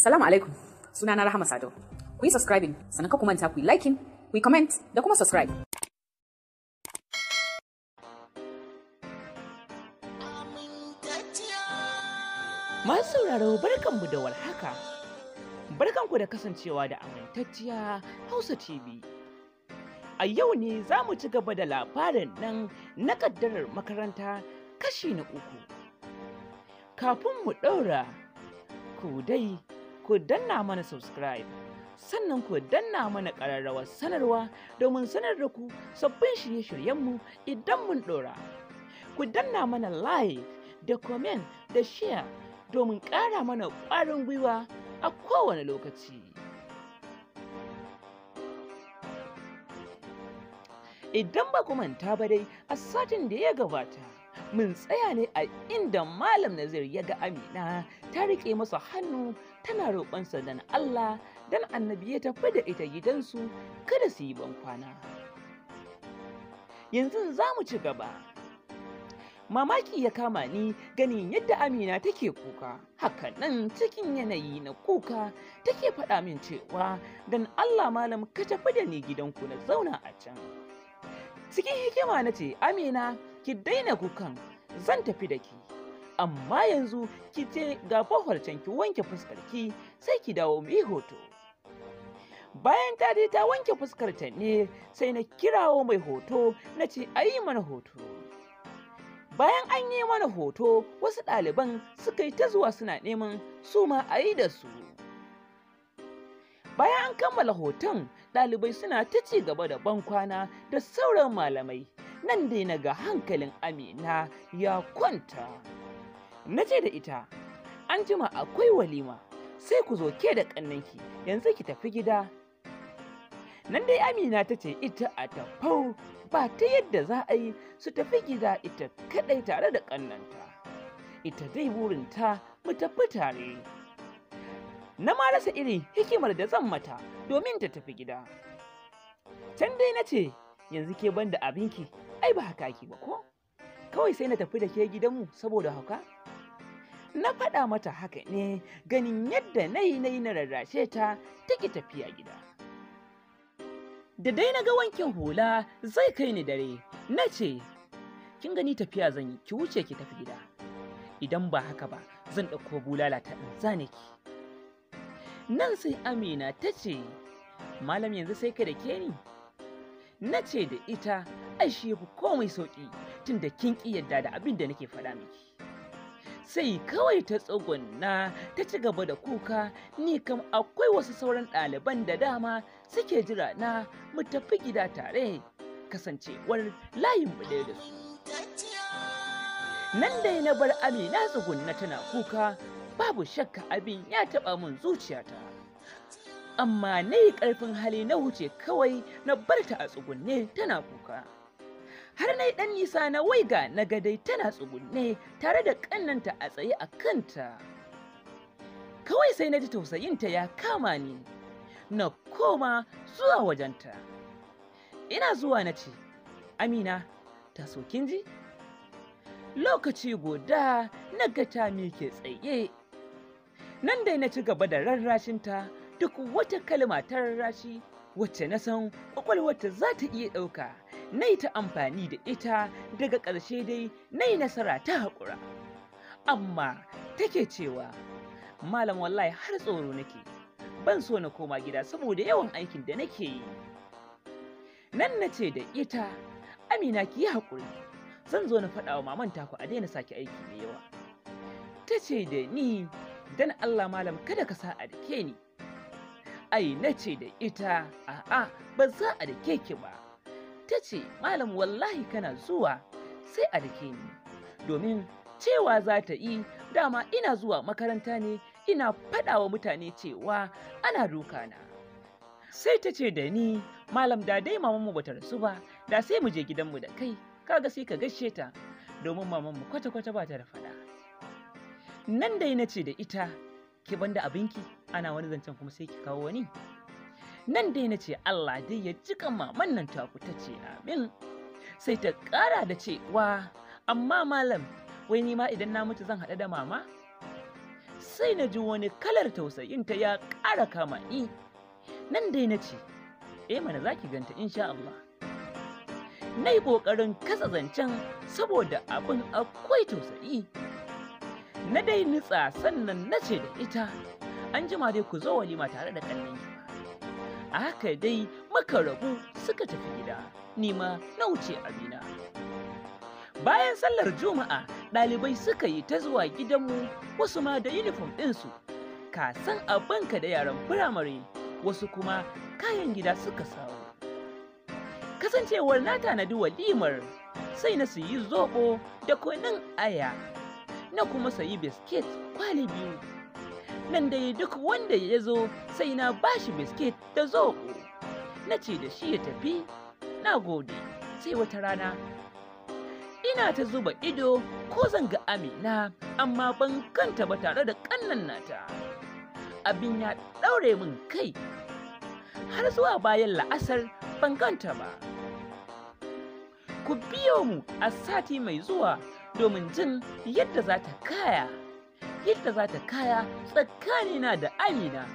Salamu alaikum. Suna na Rahama Sado. Ku yi subscribing, sannan ka kuma ku yi liking, ku yi comment da kuma subscribe. Masu sauraro mu da warhaka. Barkanku da kasancewa da amintacciya Hausa TV. A yau ne za mu ci gaba da labarin nan na kaddarar makaranta kashi na uku. Kafin mu ɗaura, ku dai ku danna mana subscribe sannan ku danna mana ƙararrawar sanarwa domin sanar da ku sabbin shirye-shiryenmu idan mun ɗora. Ku danna mana like da comment da share domin ƙara mana ƙwarin gwiwa a kowane lokaci. Idan ba ku manta ba dai a satin da ya gabata. mun tsaya ne a inda Malam Nazir ya ga Amina ta riƙe masa hannu tana roƙon dan Allah dan annabi ya tafi da ita gidansu kada su yi ban kwana. Yanzu za mu ci gaba. Mamaki ya kama ni ganin yadda Amina take kuka, hakanan cikin yanayi na kuka take faɗa min cewa dan Allah malam ka tafi da ni gidanku na zauna a can. Cikin hikima na ce, Amina, ki daina kukan, zan tafi da ki. amma yanzu ki je ga fahimtar can ki wanke fuskar ki sai ki dawo mu yi hoto bayan ta je ta wanke fuskar ta ne sai na kirawo mai hoto na ce a yi mana hoto bayan an yi mana hoto wasu ɗaliban suka yi ta zuwa suna neman su ma a yi da su bayan an kammala hoton ɗalibai suna ta ci gaba da bankwana da sauran malamai nan dai na ga hankalin amina ya kwanta na ce da ita an jima akwai walima sai ku zo ke da ƙannanki yanzu ki tafi gida nan dai amina ta ce ita a tafau ba ta yadda za a yi su tafi gida ita kadai tare da ƙannanta ita dai burinta mu tafi tare na ma rasa irin hikimar da zan mata domin ta tafi gida can dai na ce yanzu ke banda abinki ai ba haka ki ba ko kawai sai na tafi da ke gidanmu saboda haka na faɗa mata haka ne ganin yadda na yi na yi na rarrashe ta take tafiya gida da dai na ga wankin hula zai kai ni dare na ce kin gani tafiya zan yi ki wuce ki tafi gida idan ba haka ba zan ɗauko bulala ta in zane ki nan sai amina ta ce malam yanzu sai ka da ke ni na ce da ita ashe fi komai sauƙi tun da kin ƙi yadda da abin da nake faɗa miki sai kawai ta tsugunna ta ci gaba da kuka ni kam akwai wasu sauran ɗaliban da dama suke jira na mu tafi gida tare kasancewar layin bude da su nan da na bar amina tsugunna tana kuka babu shakka abin ya taɓa min zuciyata amma na yi ƙarfin hali na wuce kawai na barta a tsugunne tana kuka. har na yi ɗan nisa na waiga na ga dai tana tsugunne tare da ƙannanta a tsaye a kanta kawai sai na ji tausayinta ya kama ni na koma zuwa wajenta ina zuwa na ce amina ta kin ji lokaci guda na ga ta ke tsaye nan dai na ci gaba da rarrashinta duk wata kalma ta rarrashi wacce na san kwakwalwata za ta iya ɗauka na ta amfani da ita daga ƙarshe dai na yi nasara ta haƙura amma take cewa malam wallahi har tsoro nake ban so na koma gida saboda yawan aikin da nake yi nan na ce da ita amina ki yi haƙuri zan zo na faɗa wa maman taku a daina saki aiki mai yawa ta ce da ni dan allah malam kada ka sa a ke ni ai na ce da ita a'a ba za a ke ki ba ta ce malam wallahi kana zuwa sai a dake ni domin cewa za ta yi dama ina zuwa makaranta ne ina faɗawa mutane cewa ana doka na. sai ta ce da ni malam da dai mamanmu bata rasu ba da sai mu je gidanmu da kai kaga sai ka gaishe ta domin mamanmu kwata-kwata ba ta da faɗa nan dai na ce da ita ki banda abinki ana wani zancen kuma sai ki kawo wani nan dai na ce Allah dai ya jika maman nan taku ta ce amin sai ta ƙara da cewa amma malam wai ni ma idan na mutu zan haɗa da mama sai na ji wani kalar tausayinta ya ƙara kama ni nan dai na ce eh mana zaki ki ganta insha Allah na yi ƙoƙarin kasa zancen saboda abin akwai tausayi na dai nitsa sannan na ce da ita an jima dai ku zo walima tare da ki haka dai maka rabu suka tafi gida nima na wuce abina bayan sallar juma'a ɗalibai suka yi ta zuwa gidanmu wasu ma da yunifom ɗinsu ka san banka da yaran firamare wasu kuma kayan gida suka samu. kasancewar na tanadi walimar sai na siyi zobo da kunun aya na kuma sayi biskit kwali biyu nan dai duk wanda ya zo sai na bashi biskit da zoɓo na ce da shi ya tafi na gode sai wata rana ina ta zuba ido ko zanga amina amma ban kanta ba tare da kannan nata abin ya ɗaure min kai har zuwa bayan la'asar ban kanta ba ku biyo mu a sati mai zuwa domin jin yadda za ta kaya yadda za ta kaya tsakanina da amina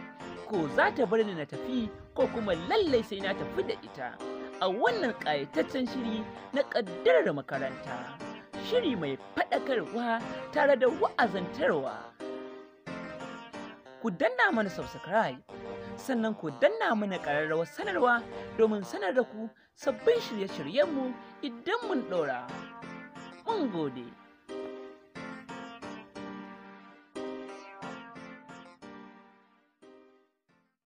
ko za ta bar ni na tafi ko kuma lallai sai na tafi da ita a wannan ƙayataccen shiri na ƙaddarar makaranta shiri mai faɗakarwa tare da wa'azantarwa ku danna mana subscribe sannan ku danna mana ƙararrawar sanarwa domin sanar da ku sabbin shirye-shiryenmu idan mun ɗora mun gode